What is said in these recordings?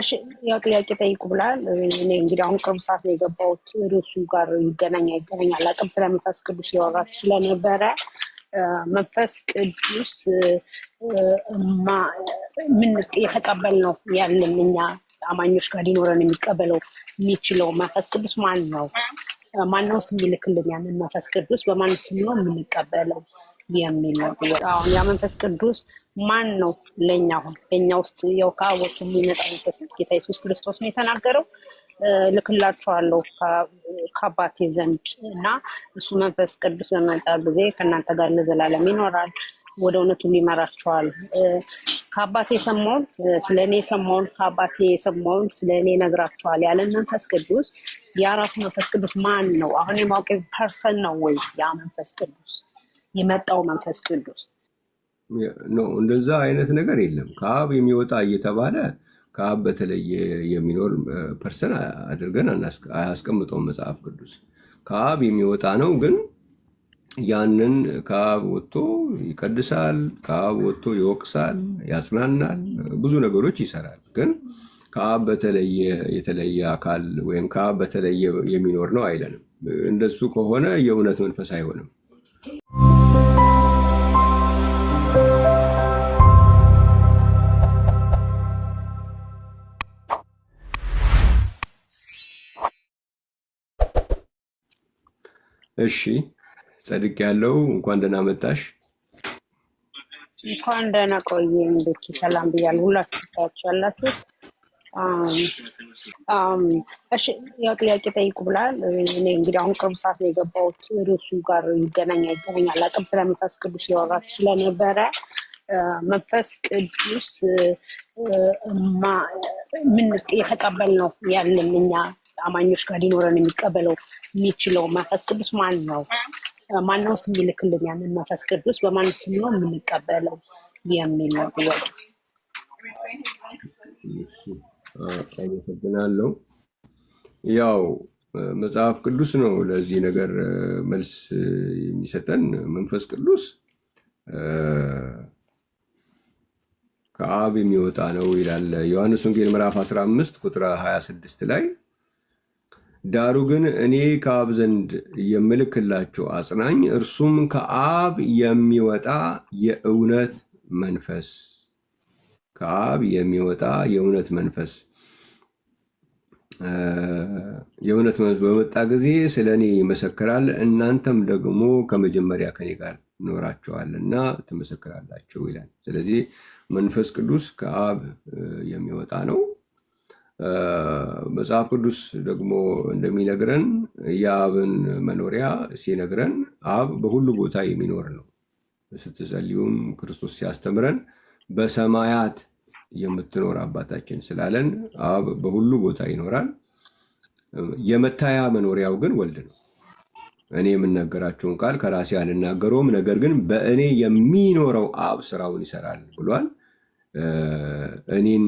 እሺ ያው ጥያቄ ጠይቁ ብላል። እኔ እንግዲህ አሁን ቅርብ ሰዓት ነው የገባሁት። ርዕሱ ጋር ይገናኝ አይገናኝ አላውቅም። ስለ መንፈስ ቅዱስ ያወራችሁ ስለነበረ መንፈስ ቅዱስ ምን የተቀበል ነው ያለን እኛ አማኞች ጋር ሊኖረን የሚቀበለው የሚችለው መንፈስ ቅዱስ ማን ነው? ማን ነው የሚልክልን ያንን መንፈስ ቅዱስ? በማን ስም ነው የምንቀበለው የሚል ነው። አሁን ያ መንፈስ ቅዱስ ማን ነው ለእኛ አሁን ለእኛ ውስጥ ያው ከአቦቱ የሚመጣበት ጌታ ኢየሱስ ክርስቶስ ነው የተናገረው። ልክላችኋለሁ ከአባቴ ዘንድ እና እሱ መንፈስ ቅዱስ በመጣ ጊዜ ከእናንተ ጋር ለዘላለም ይኖራል፣ ወደ እውነቱ ይመራችኋል። ከአባቴ የሰማውን ስለ እኔ የሰማውን ከአባቴ የሰማውን ስለ እኔ ነግራችኋል ያለን መንፈስ ቅዱስ የአራቱ መንፈስ ቅዱስ ማን ነው? አሁን የማውቅ ፐርሰን ነው ወይ ያ መንፈስ ቅዱስ የመጣው መንፈስ ቅዱስ እንደዛ አይነት ነገር የለም። ከአብ የሚወጣ እየተባለ ከአብ በተለየ የሚኖር ፐርሰን አድርገን አያስቀምጠውም መጽሐፍ ቅዱስ። ከአብ የሚወጣ ነው ግን ያንን ከአብ ወጥቶ ይቀድሳል፣ ከአብ ወጥቶ ይወቅሳል፣ ያጽናናል፣ ብዙ ነገሮች ይሰራል። ግን ከአብ በተለየ የተለየ አካል ወይም ከአብ በተለየ የሚኖር ነው አይለንም። እንደሱ ከሆነ የእውነት መንፈስ አይሆንም። እሺ ጸድቅ ያለው እንኳን ደህና መጣሽ። እንኳን ደህና ቆየ ቤኪ ሰላም ብያለሁ። ሁላችሁ ታች ያላችሁ እሺ፣ ያው ጥያቄ ጠይቁ ብላል። እኔ እንግዲህ አሁን ቅርብ ሰዓት ነው የገባሁት። ርዕሱ ጋር ይገናኛ ይገናኛል አቅም ስለ መንፈስ ቅዱስ ያወራችሁ ስለነበረ መንፈስ ቅዱስ ምን የተቀበል ነው ያለን እኛ አማኞች ጋር ሊኖረን የሚቀበለው የሚችለው መንፈስ ቅዱስ ማን ነው? ማነው የሚልክልን ያንን መንፈስ ቅዱስ? በማን ስም ነው የምንቀበለው የሚል ነው ጥያቄ። አመሰግናለሁ። ያው መጽሐፍ ቅዱስ ነው ለዚህ ነገር መልስ የሚሰጠን። መንፈስ ቅዱስ ከአብ የሚወጣ ነው ይላል ዮሐንስ ወንጌል ምዕራፍ 15 ቁጥር 26 ላይ ዳሩ ግን እኔ ከአብ ዘንድ የምልክላችሁ አጽናኝ እርሱም ከአብ የሚወጣ የእውነት መንፈስ ከአብ የሚወጣ የእውነት መንፈስ የእውነት መንፈስ በመጣ ጊዜ ስለ እኔ ይመሰክራል። እናንተም ደግሞ ከመጀመሪያ ከኔ ጋር ኖራችኋልና ትመሰክራላችሁ ይላል። ስለዚህ መንፈስ ቅዱስ ከአብ የሚወጣ ነው። መጽሐፍ ቅዱስ ደግሞ እንደሚነግረን የአብን መኖሪያ ሲነግረን አብ በሁሉ ቦታ የሚኖር ነው። ስትጸልዩም ክርስቶስ ሲያስተምረን በሰማያት የምትኖር አባታችን ስላለን አብ በሁሉ ቦታ ይኖራል። የመታያ መኖሪያው ግን ወልድ ነው። እኔ የምነገራቸውን ቃል ከራሴ አልናገረውም፣ ነገር ግን በእኔ የሚኖረው አብ ስራውን ይሰራል ብሏል። እኔን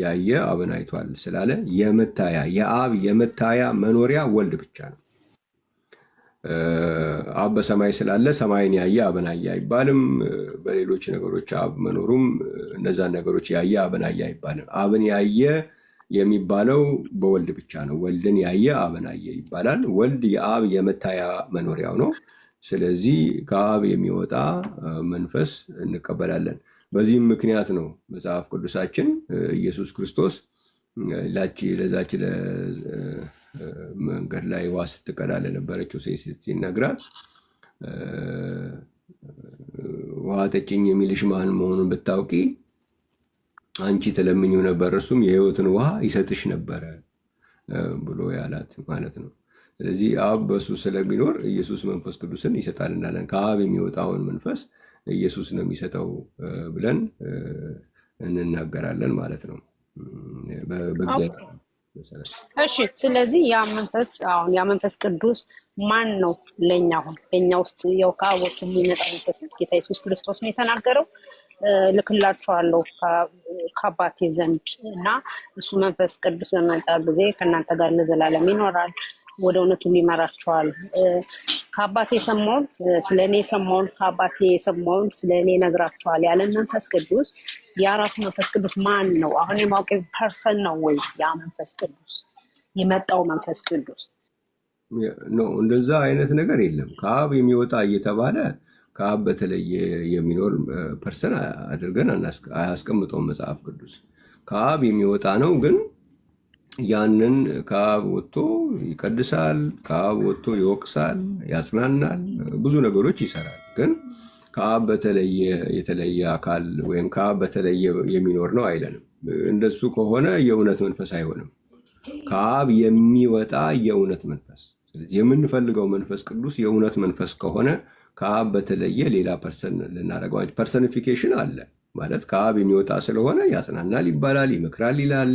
ያየ አብን አይቷል ስላለ የመታያ የአብ የመታያ መኖሪያ ወልድ ብቻ ነው። አብ በሰማይ ስላለ ሰማይን ያየ አብን አየ አይባልም። በሌሎች ነገሮች አብ መኖሩም እነዛን ነገሮች ያየ አብን አየ አይባልም። አብን ያየ የሚባለው በወልድ ብቻ ነው። ወልድን ያየ አብን አየ ይባላል። ወልድ የአብ የመታያ መኖሪያው ነው። ስለዚህ ከአብ የሚወጣ መንፈስ እንቀበላለን። በዚህም ምክንያት ነው መጽሐፍ ቅዱሳችን ኢየሱስ ክርስቶስ ላቺ ለዛች መንገድ ላይ ውሃ ስትቀዳ ለነበረችው ሴት ይነግራል። ውሃ ጠጭኝ የሚልሽ ማን መሆኑን ብታውቂ አንቺ ትለምኚው ነበር፣ እርሱም የህይወትን ውሃ ይሰጥሽ ነበረ ብሎ ያላት ማለት ነው። ስለዚህ አብ በሱ ስለሚኖር ኢየሱስ መንፈስ ቅዱስን ይሰጣል እንዳለን ከአብ የሚወጣውን መንፈስ ኢየሱስ ነው የሚሰጠው ብለን እንናገራለን ማለት ነው። እሺ፣ ስለዚህ ያ መንፈስ አሁን ያ መንፈስ ቅዱስ ማን ነው? ለእኛ አሁን ለእኛ ውስጥ ያው ከአወቱ የሚመጣ መንፈስ ጌታ ኢየሱስ ክርስቶስ ነው የተናገረው። ልክላችኋለሁ ከአባቴ ዘንድ እና እሱ መንፈስ ቅዱስ በመጣ ጊዜ ከእናንተ ጋር ለዘላለም ይኖራል፣ ወደ እውነቱም ይመራችኋል። ከአባቴ የሰማውን ስለ እኔ የሰማውን ከአባቴ የሰማውን ስለ እኔ ነግራቸዋል ያለ መንፈስ ቅዱስ የአራቱ መንፈስ ቅዱስ ማን ነው? አሁን የማውቀ ፐርሰን ነው ወይ ያ መንፈስ ቅዱስ የመጣው መንፈስ ቅዱስ ነው? እንደዛ አይነት ነገር የለም። ከአብ የሚወጣ እየተባለ ከአብ በተለየ የሚኖር ፐርሰን አድርገን አያስቀምጠውም መጽሐፍ ቅዱስ። ከአብ የሚወጣ ነው ግን ያንን ከአብ ወጥቶ ይቀድሳል፣ ከአብ ወጥቶ ይወቅሳል፣ ያጽናናል፣ ብዙ ነገሮች ይሰራል። ግን ከአብ በተለየ የተለየ አካል ወይም ከአብ በተለየ የሚኖር ነው አይለንም። እንደሱ ከሆነ የእውነት መንፈስ አይሆንም። ከአብ የሚወጣ የእውነት መንፈስ። ስለዚህ የምንፈልገው መንፈስ ቅዱስ የእውነት መንፈስ ከሆነ ከአብ በተለየ ሌላ ፐርሰን ልናደርገዋል። ፐርሰኒፊኬሽን አለ ማለት ከአብ የሚወጣ ስለሆነ ያጽናናል ይባላል፣ ይመክራል ይላል፣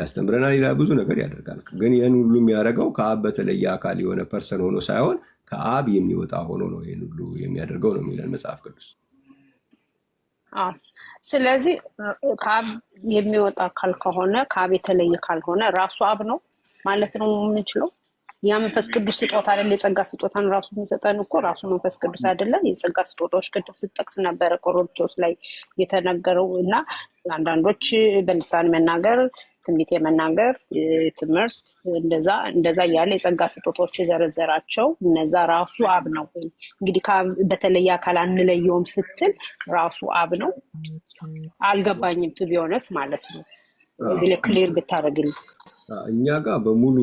ያስተምረናል ይላል፣ ብዙ ነገር ያደርጋል። ግን ይህን ሁሉ የሚያደርገው ከአብ በተለየ አካል የሆነ ፐርሰን ሆኖ ሳይሆን ከአብ የሚወጣ ሆኖ ነው ይህን ሁሉ የሚያደርገው ነው የሚለን መጽሐፍ ቅዱስ። ስለዚህ ከአብ የሚወጣ አካል ከሆነ ከአብ የተለየ ካልሆነ ራሱ አብ ነው ማለት ነው የምንችለው ያ መንፈስ ቅዱስ ስጦታ አይደለ? የጸጋ ስጦታን ራሱ የሚሰጠን እኮ ራሱ መንፈስ ቅዱስ አይደለም? የጸጋ ስጦታዎች ቅድም ስጠቅስ ነበረ ቆሮንቶስ ላይ የተነገረው እና አንዳንዶች በልሳን መናገር፣ ትንቢት የመናገር ትምህርት፣ እንደዛ እንደዛ እያለ የጸጋ ስጦታዎች የዘረዘራቸው እነዛ ራሱ አብ ነው። እንግዲህ በተለየ አካል አንለየውም ስትል ራሱ አብ ነው። አልገባኝም ቱ ቢሆነስ ማለት ነው። እዚህ ላይ ክሊር ብታደርግልኝ እኛ ጋር በሙሉ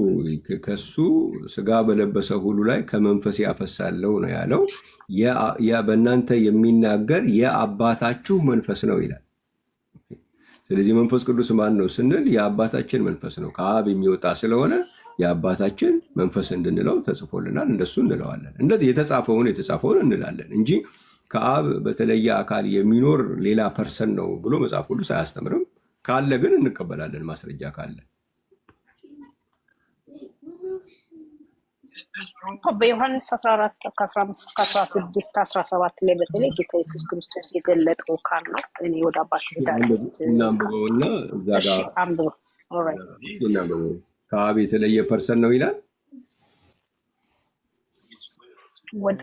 ከሱ ስጋ በለበሰ ሁሉ ላይ ከመንፈስ ያፈሳለው ነው ያለው። በእናንተ የሚናገር የአባታችሁ መንፈስ ነው ይላል። ስለዚህ መንፈስ ቅዱስ ማን ነው ስንል የአባታችን መንፈስ ነው። ከአብ የሚወጣ ስለሆነ የአባታችን መንፈስ እንድንለው ተጽፎልናል። እንደሱ እንለዋለን። እንደዚህ የተጻፈውን የተጻፈውን እንላለን እንጂ ከአብ በተለየ አካል የሚኖር ሌላ ፐርሰን ነው ብሎ መጽሐፍ ቅዱስ አያስተምርም። ካለ ግን እንቀበላለን ማስረጃ ካለን በዮሐንስ 14 ከ15 እስከ 16 17 ላይ በተለይ ጌታ ኢየሱስ ክርስቶስ የገለጠው ቃል ነው። እኔ ወደ አባት ሄዳለሁ። ከአብ የተለየ ፐርሰን ነው ይላል።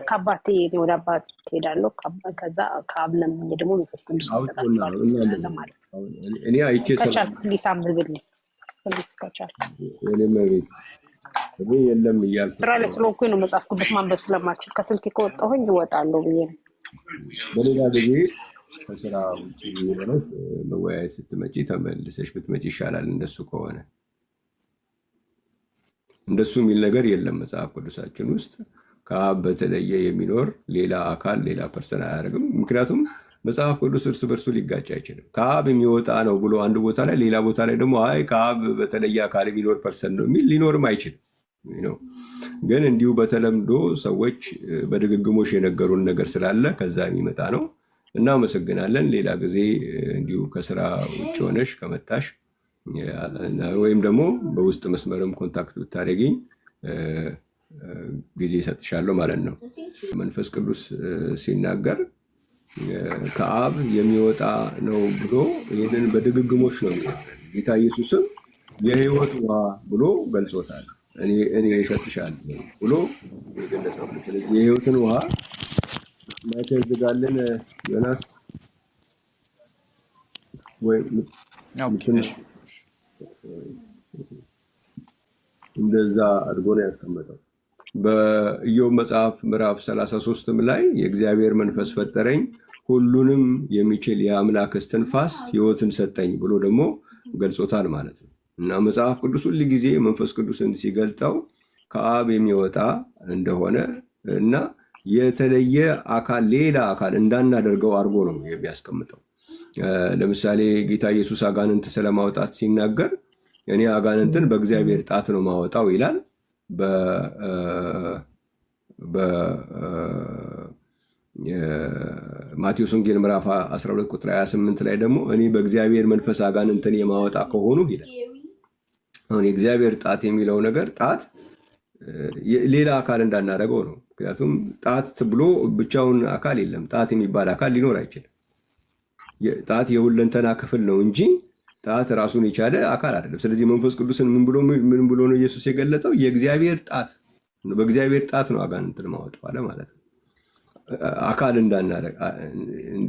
ከአባት ወደ አባት ሄዳለሁ። ከዛ ከአብ ለምኜ ደግሞ መንፈስ ቅዱስ ማለት ነው። ከቻልክ ፕሊስ አንብብልኝ ፕሊስ መቤት የለም እያልኩ ስራ ላይ ስለሆንኩኝ ነው። መጽሐፍ ቅዱስ ማንበብ ስለማችል ከስልክ ከወጣሁኝ እወጣለሁ ብዬ ነው። በሌላ ጊዜ ከስራ ውጭ የሚሆነች መወያየት ስትመጪ ተመልሰሽ ብትመጪ ይሻላል። እንደሱ ከሆነ እንደሱ የሚል ነገር የለም መጽሐፍ ቅዱሳችን ውስጥ ከአብ በተለየ የሚኖር ሌላ አካል ሌላ ፐርሰን አያደርግም። ምክንያቱም መጽሐፍ ቅዱስ እርስ በርሱ ሊጋጭ አይችልም። ከአብ የሚወጣ ነው ብሎ አንድ ቦታ ላይ ሌላ ቦታ ላይ ደግሞ አይ ከአብ በተለየ አካል የሚኖር ፐርሰን ነው የሚል ሊኖርም አይችልም። ነው። ግን እንዲሁ በተለምዶ ሰዎች በድግግሞሽ የነገሩን ነገር ስላለ ከዛ የሚመጣ ነው። እናመሰግናለን። ሌላ ጊዜ እንዲሁ ከስራ ውጭ ሆነሽ ከመጣሽ ወይም ደግሞ በውስጥ መስመርም ኮንታክት ብታደርጊኝ ጊዜ ይሰጥሻለሁ ማለት ነው። መንፈስ ቅዱስ ሲናገር ከአብ የሚወጣ ነው ብሎ ይህንን በድግግሞች ነው ጌታ ኢየሱስም የህይወት ውሃ ብሎ ገልጾታል። እኔ እሰጥሻለሁ ብሎ የገለጸው። ስለዚህ የህይወትን ውሃ ማየት ዝጋለን ዮናስ እንደዛ አድርጎ ነው ያስቀመጠው። በኢዮብ መጽሐፍ ምዕራፍ 33ም ላይ የእግዚአብሔር መንፈስ ፈጠረኝ፣ ሁሉንም የሚችል የአምላክ እስትንፋስ ህይወትን ሰጠኝ ብሎ ደግሞ ገልጾታል ማለት ነው። እና መጽሐፍ ቅዱስ ሁል ጊዜ መንፈስ ቅዱስን ሲገልጠው ከአብ የሚወጣ እንደሆነ እና የተለየ አካል ሌላ አካል እንዳናደርገው አድርጎ ነው የሚያስቀምጠው። ለምሳሌ ጌታ ኢየሱስ አጋንንት ስለማውጣት ሲናገር እኔ አጋንንትን በእግዚአብሔር ጣት ነው ማወጣው ይላል። በማቴዎስ ወንጌል ምዕራፍ 12 ቁጥር 28 ላይ ደግሞ እኔ በእግዚአብሔር መንፈስ አጋንንትን የማወጣ ከሆኑ ይላል። አሁን የእግዚአብሔር ጣት የሚለው ነገር ጣት ሌላ አካል እንዳናደረገው ነው። ምክንያቱም ጣት ብሎ ብቻውን አካል የለም። ጣት የሚባል አካል ሊኖር አይችልም። ጣት የሁለንተና ክፍል ነው እንጂ ጣት ራሱን የቻለ አካል አይደለም። ስለዚህ መንፈስ ቅዱስን ምን ብሎ ነው ኢየሱስ የገለጠው? የእግዚአብሔር ጣት በእግዚአብሔር ጣት ነው አጋንንትን ማወጥ አለ ማለት ነው። አካል እንዳናደረግ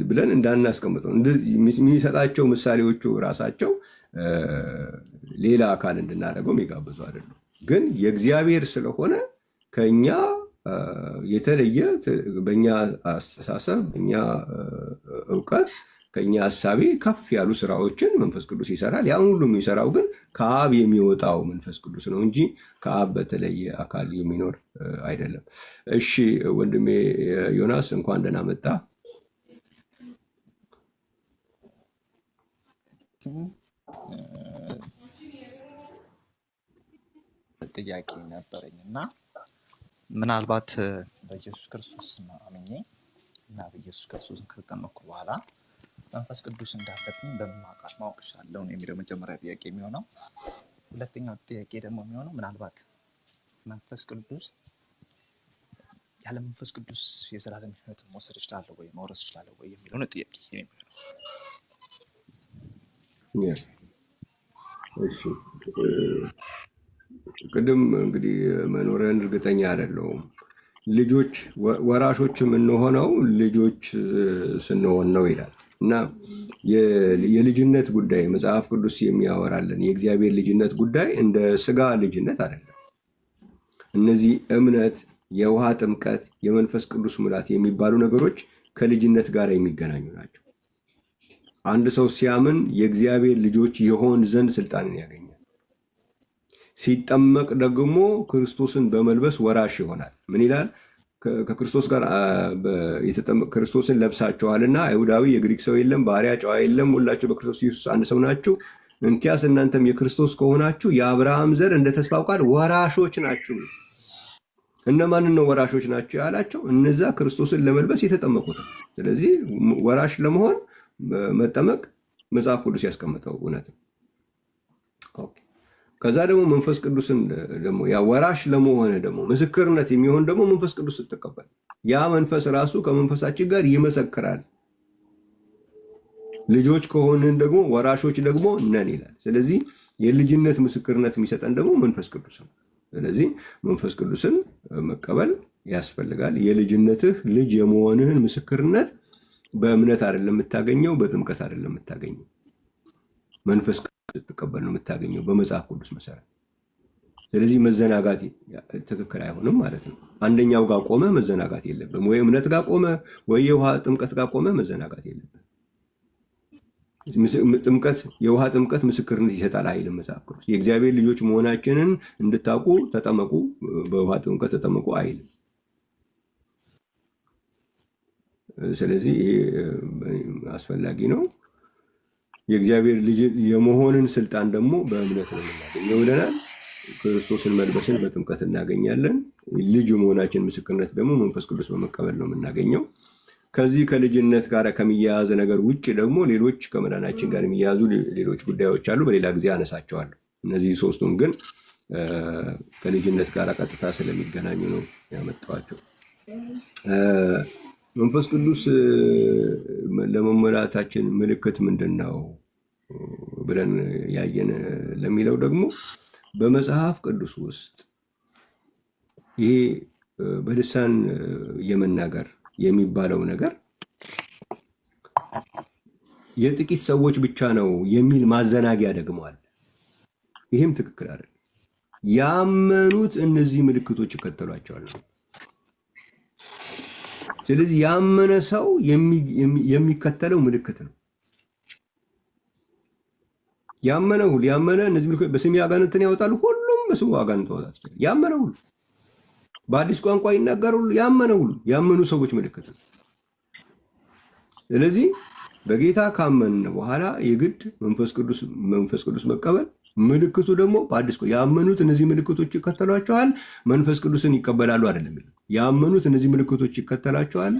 ብለን እንዳናስቀምጠው የሚሰጣቸው ምሳሌዎቹ ራሳቸው ሌላ አካል እንድናደርገው የሚጋብዙ አይደሉም። ግን የእግዚአብሔር ስለሆነ ከኛ የተለየ በእኛ አስተሳሰብ፣ በእኛ እውቀት፣ ከኛ ሀሳቤ ከፍ ያሉ ስራዎችን መንፈስ ቅዱስ ይሰራል። ያን ሁሉ የሚሰራው ግን ከአብ የሚወጣው መንፈስ ቅዱስ ነው እንጂ ከአብ በተለየ አካል የሚኖር አይደለም። እሺ ወንድሜ ዮናስ እንኳን ደህና መጣ። ጥያቄ ነበረኝ እና ምናልባት በኢየሱስ ክርስቶስ አምኜ እና በኢየሱስ ክርስቶስን ከተጠመቅኩ በኋላ መንፈስ ቅዱስ እንዳለብኝ በማውቃት ማወቅ ነው የሚለው መጀመሪያ ጥያቄ የሚሆነው። ሁለተኛው ጥያቄ ደግሞ የሚሆነው ምናልባት መንፈስ ቅዱስ ያለ መንፈስ ቅዱስ የዘላለም ሕይወትን መውሰድ እችላለሁ ወይ መውረስ እችላለሁ ወይ የሚለው ነው ጥያቄ የሚሆነው። እሺ ቅድም እንግዲህ መኖሪያን እርግጠኛ አይደለሁም። ልጆች ወራሾች የምንሆነው ልጆች ስንሆን ነው ይላል እና የልጅነት ጉዳይ መጽሐፍ ቅዱስ የሚያወራለን የእግዚአብሔር ልጅነት ጉዳይ እንደ ስጋ ልጅነት አይደለም። እነዚህ እምነት፣ የውሃ ጥምቀት፣ የመንፈስ ቅዱስ ሙላት የሚባሉ ነገሮች ከልጅነት ጋር የሚገናኙ ናቸው። አንድ ሰው ሲያምን የእግዚአብሔር ልጆች የሆን ዘንድ ስልጣንን ያገኛል። ሲጠመቅ ደግሞ ክርስቶስን በመልበስ ወራሽ ይሆናል። ምን ይላል? ከክርስቶስ ጋር ክርስቶስን ለብሳችኋልና አይሁዳዊ የግሪክ ሰው የለም፣ ባሪያ ጨዋ የለም፣ ሁላችሁ በክርስቶስ ኢየሱስ አንድ ሰው ናችሁ። እንኪያስ እናንተም የክርስቶስ ከሆናችሁ የአብርሃም ዘር እንደ ተስፋው ቃል ወራሾች ናችሁ። እነማንን ነው ወራሾች ናቸው ያላቸው? እነዛ ክርስቶስን ለመልበስ የተጠመቁት። ስለዚህ ወራሽ ለመሆን መጠመቅ መጽሐፍ ቅዱስ ያስቀመጠው እውነት ነው። ከዛ ደግሞ መንፈስ ቅዱስን ደግሞ ያ ወራሽ ለመሆነ ደግሞ ምስክርነት የሚሆን ደግሞ መንፈስ ቅዱስ ስትቀበል ያ መንፈስ ራሱ ከመንፈሳችን ጋር ይመሰክራል። ልጆች ከሆንን ደግሞ ወራሾች ደግሞ ነን ይላል። ስለዚህ የልጅነት ምስክርነት የሚሰጠን ደግሞ መንፈስ ቅዱስ ነው። ስለዚህ መንፈስ ቅዱስን መቀበል ያስፈልጋል። የልጅነትህ ልጅ የመሆንህን ምስክርነት በእምነት አይደለም የምታገኘው፣ በጥምቀት አይደለም የምታገኘው መንፈስ ስትቀበል ነው የምታገኘው በመጽሐፍ ቅዱስ መሰረት። ስለዚህ መዘናጋት ትክክል አይሆንም ማለት ነው። አንደኛው ጋር ቆመ መዘናጋት የለብም። ወይ እምነት ጋር ቆመ፣ ወይ የውሃ ጥምቀት ጋር ቆመ መዘናጋት የለብም። ጥምቀት የውሃ ጥምቀት ምስክርነት ይሰጣል አይልም መጽሐፍ ቅዱስ። የእግዚአብሔር ልጆች መሆናችንን እንድታውቁ ተጠመቁ፣ በውሃ ጥምቀት ተጠመቁ አይልም። ስለዚህ አስፈላጊ ነው። የእግዚአብሔር ልጅ የመሆንን ስልጣን ደግሞ በእምነት ነው የምናገኘው ብለናል። ክርስቶስን መልበስን በጥምቀት እናገኛለን። ልጅ መሆናችን ምስክርነት ደግሞ መንፈስ ቅዱስ በመቀበል ነው የምናገኘው። ከዚህ ከልጅነት ጋር ከሚያያዘ ነገር ውጭ ደግሞ ሌሎች ከመዳናችን ጋር የሚያያዙ ሌሎች ጉዳዮች አሉ። በሌላ ጊዜ አነሳቸዋለሁ። እነዚህ ሶስቱን ግን ከልጅነት ጋር ቀጥታ ስለሚገናኙ ነው ያመጣኋቸው። መንፈስ ቅዱስ ለመሞላታችን ምልክት ምንድን ነው ብለን ያየን ለሚለው ደግሞ በመጽሐፍ ቅዱስ ውስጥ ይሄ በልሳን የመናገር የሚባለው ነገር የጥቂት ሰዎች ብቻ ነው የሚል ማዘናጊያ ደግሞ አለ። ይህም ትክክል አይደለም። ያመኑት እነዚህ ምልክቶች ይከተሏቸዋል ነው ስለዚህ ያመነ ሰው የሚከተለው ምልክት ነው። ያመነ ሁሉ ያመነ እነዚህ ምልክት በስሜ አጋንንትን ያወጣሉ፣ ሁሉም በስሙ አጋንንት ማውጣት ይችላል። ያመነ ሁሉ በአዲስ ቋንቋ ይናገራሉ። ያመነ ሁሉ ያመኑ ሰዎች ምልክት ነው። ስለዚህ በጌታ ካመን በኋላ የግድ መንፈስ ቅዱስ መቀበል ምልክቱ ደግሞ በአዲስ ያመኑት እነዚህ ምልክቶች ይከተሏቸዋል፣ መንፈስ ቅዱስን ይቀበላሉ አይደለም። ያመኑት እነዚህ ምልክቶች ይከተላቸዋል።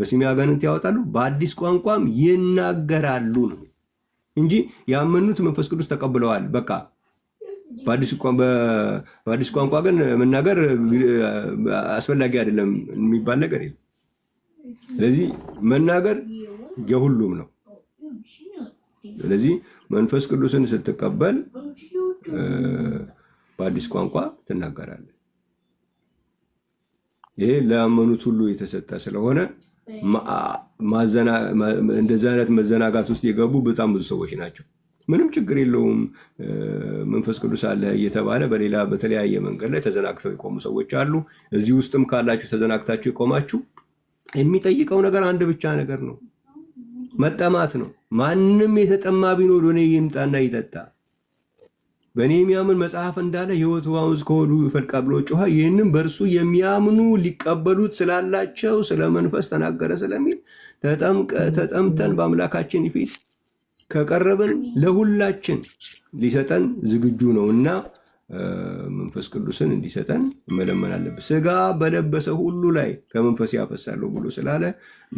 በስሜ አጋንንት ያወጣሉ፣ በአዲስ ቋንቋም ይናገራሉ ነው እንጂ ያመኑት መንፈስ ቅዱስ ተቀብለዋል በቃ በአዲስ ቋንቋ ግን መናገር አስፈላጊ አይደለም የሚባል ነገር የለም። ስለዚህ መናገር የሁሉም ነው። ስለዚህ መንፈስ ቅዱስን ስትቀበል በአዲስ ቋንቋ ትናገራለህ። ይሄ ለአመኑት ሁሉ የተሰጠ ስለሆነ እንደዚህ አይነት መዘናጋት ውስጥ የገቡ በጣም ብዙ ሰዎች ናቸው። ምንም ችግር የለውም መንፈስ ቅዱስ አለ እየተባለ በሌላ በተለያየ መንገድ ላይ ተዘናግተው የቆሙ ሰዎች አሉ። እዚህ ውስጥም ካላችሁ ተዘናግታችሁ የቆማችሁ የሚጠይቀው ነገር አንድ ብቻ ነገር ነው። መጠማት ነው። ማንም የተጠማ ቢኖር ወደ ይምጣና ይጠጣ፣ በእኔ የሚያምን መጽሐፍ እንዳለ ሕይወት ውሃ ወንዝ ከሆዱ ይፈልቃል ብሎ ጮኸ። ይህንም በእርሱ የሚያምኑ ሊቀበሉት ስላላቸው ስለ መንፈስ ተናገረ ስለሚል ተጠምተን በአምላካችን ፊት ከቀረብን ለሁላችን ሊሰጠን ዝግጁ ነው እና መንፈስ ቅዱስን እንዲሰጠን መለመን አለብን። በለበሰ ሁሉ ላይ ከመንፈስ ያፈሳለሁ ብሎ ስላለ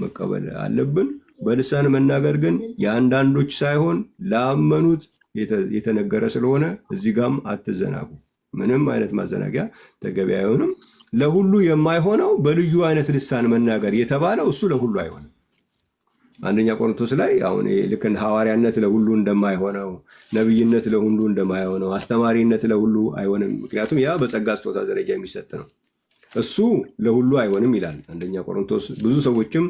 መቀበል አለብን። በልሳን መናገር ግን የአንዳንዶች ሳይሆን ላመኑት የተነገረ ስለሆነ እዚህ ጋም አትዘናጉ። ምንም አይነት ማዘናጊያ ተገቢ አይሆንም። ለሁሉ የማይሆነው በልዩ አይነት ልሳን መናገር የተባለው እሱ ለሁሉ አይሆንም። አንደኛ ቆሮንቶስ ላይ አሁን ልክ ሐዋርያነት ለሁሉ እንደማይሆነው ነቢይነት ለሁሉ እንደማይሆነው አስተማሪነት ለሁሉ አይሆንም። ምክንያቱም ያ በጸጋ ስጦታ ደረጃ የሚሰጥ ነው። እሱ ለሁሉ አይሆንም ይላል አንደኛ ቆሮንቶስ። ብዙ ሰዎችም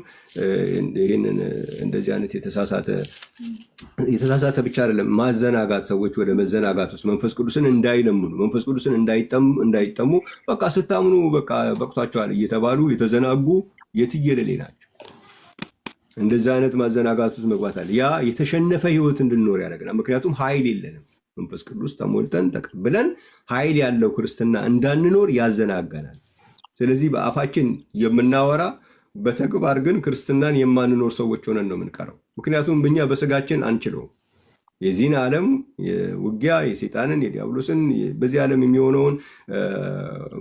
ይህንን እንደዚህ አይነት የተሳሳተ ብቻ አይደለም ማዘናጋት፣ ሰዎች ወደ መዘናጋት ውስጥ መንፈስ ቅዱስን እንዳይለምኑ መንፈስ ቅዱስን እንዳይጠሙ በቃ ስታምኑ በቃ በቅቷቸዋል እየተባሉ የተዘናጉ የትየለሌ ናቸው። እንደዚህ አይነት ማዘናጋት ውስጥ መግባት አለ። ያ የተሸነፈ ህይወት እንድንኖር ያደርገናል። ምክንያቱም ኃይል የለንም። መንፈስ ቅዱስ ተሞልተን ተቀብለን ኃይል ያለው ክርስትና እንዳንኖር ያዘናጋናል። ስለዚህ በአፋችን የምናወራ በተግባር ግን ክርስትናን የማንኖር ሰዎች ሆነን ነው የምንቀረው። ምክንያቱም ብኛ በስጋችን አንችለውም። የዚህን ዓለም ውጊያ የሴጣንን፣ የዲያብሎስን በዚህ ዓለም የሚሆነውን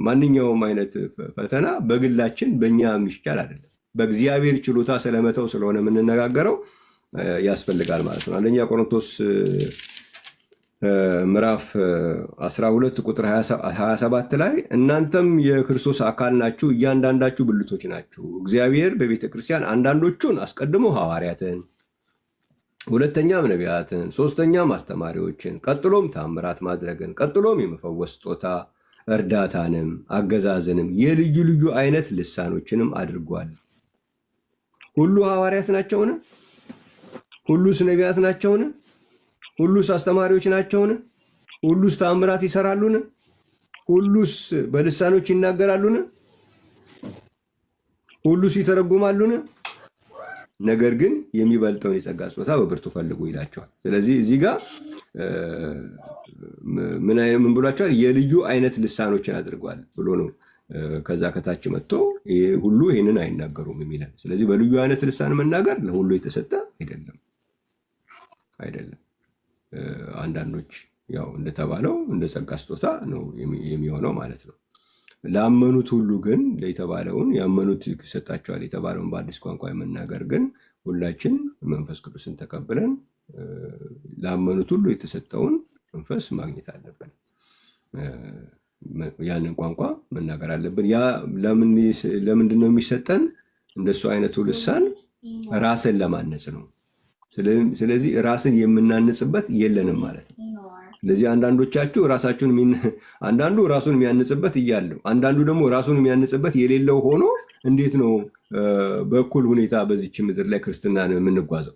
ማንኛውም አይነት ፈተና በግላችን በእኛ የሚቻል አይደለም። በእግዚአብሔር ችሎታ ስለመተው ስለሆነ የምንነጋገረው ያስፈልጋል ማለት ነው። አንደኛ ቆሮንቶስ ምዕራፍ 12 ቁጥር 27 ላይ እናንተም የክርስቶስ አካል ናችሁ፣ እያንዳንዳችሁ ብልቶች ናችሁ። እግዚአብሔር በቤተ ክርስቲያን አንዳንዶቹን አስቀድሞ ሐዋርያትን፣ ሁለተኛም ነቢያትን፣ ሶስተኛም አስተማሪዎችን፣ ቀጥሎም ታምራት ማድረግን፣ ቀጥሎም የመፈወስ ስጦታ እርዳታንም፣ አገዛዝንም፣ የልዩ ልዩ አይነት ልሳኖችንም አድርጓል። ሁሉ ሐዋርያት ናቸውን? ሁሉስ ነቢያት ናቸውን? ሁሉስ አስተማሪዎች ናቸውን? ሁሉስ ተአምራት ይሰራሉን? ሁሉስ በልሳኖች ይናገራሉን? ሁሉስ ይተረጉማሉን? ነገር ግን የሚበልጠውን የጸጋ ስጦታ በብርቱ ፈልጉ ይላቸዋል። ስለዚህ እዚህ ጋር ምን ብሏቸዋል? የልዩ አይነት ልሳኖችን አድርጓል ብሎ ነው። ከዛ ከታች መጥቶ ሁሉ ይህንን አይናገሩም የሚለን። ስለዚህ በልዩ አይነት ልሳን መናገር ለሁሉ የተሰጠ አይደለም አይደለም። አንዳንዶች ያው እንደተባለው እንደ ጸጋ ስጦታ ነው የሚሆነው ማለት ነው። ላመኑት ሁሉ ግን የተባለውን ያመኑት ይሰጣቸዋል የተባለውን በአዲስ ቋንቋ የመናገር ግን ሁላችን መንፈስ ቅዱስን ተቀብለን ላመኑት ሁሉ የተሰጠውን መንፈስ ማግኘት አለብን። ያንን ቋንቋ መናገር አለብን። ያ ለምንድን ነው የሚሰጠን? እንደሱ አይነቱ ልሳን ራስን ለማነጽ ነው። ስለዚህ ራስን የምናንጽበት የለንም ማለት ነው። ስለዚህ አንዳንዶቻችሁ ራሳችሁን አንዳንዱ ራሱን የሚያንጽበት እያለው አንዳንዱ ደግሞ ራሱን የሚያንጽበት የሌለው ሆኖ እንዴት ነው በእኩል ሁኔታ በዚች ምድር ላይ ክርስትና የምንጓዘው?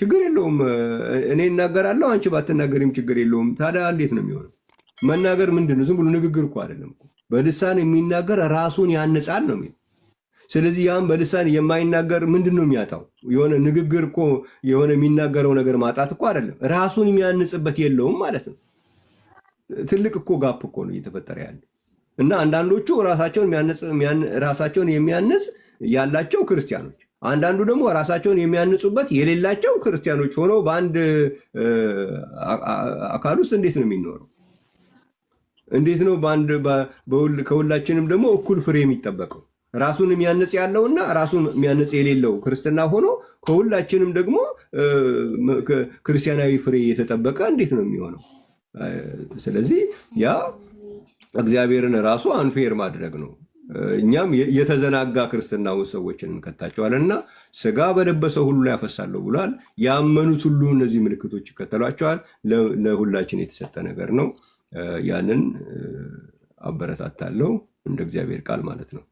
ችግር የለውም። እኔ እናገራለሁ፣ አንቺ ባትናገሪም ችግር የለውም። ታዲያ እንዴት ነው የሚሆነው? መናገር ምንድን ነው? ዝም ብሎ ንግግር እኮ አይደለም። በልሳን የሚናገር ራሱን ያንጻል ነው የሚለው ስለዚህ ያም በልሳን የማይናገር ምንድን ነው የሚያጣው? የሆነ ንግግር እኮ የሆነ የሚናገረው ነገር ማጣት እኮ አይደለም፣ ራሱን የሚያንጽበት የለውም ማለት ነው። ትልቅ እኮ ጋፕ እኮ ነው እየተፈጠረ ያለ እና አንዳንዶቹ ራሳቸውን የሚያንጽ ያላቸው ክርስቲያኖች፣ አንዳንዱ ደግሞ ራሳቸውን የሚያንጹበት የሌላቸው ክርስቲያኖች ሆነው በአንድ አካል ውስጥ እንዴት ነው የሚኖረው? እንዴት ነው ከሁላችንም ደግሞ እኩል ፍሬ የሚጠበቀው? ራሱን የሚያነጽ ያለውና ራሱን የሚያነጽ የሌለው ክርስትና ሆኖ ከሁላችንም ደግሞ ክርስቲያናዊ ፍሬ የተጠበቀ እንዴት ነው የሚሆነው? ስለዚህ ያ እግዚአብሔርን ራሱ አንፌር ማድረግ ነው። እኛም የተዘናጋ ክርስትና ሰዎችን እንከታቸዋለን እና ስጋ በለበሰ ሁሉ ላይ ያፈሳለሁ ብሏል። ያመኑት ሁሉ እነዚህ ምልክቶች ይከተሏቸዋል። ለሁላችን የተሰጠ ነገር ነው። ያንን አበረታታለሁ እንደ እግዚአብሔር ቃል ማለት ነው።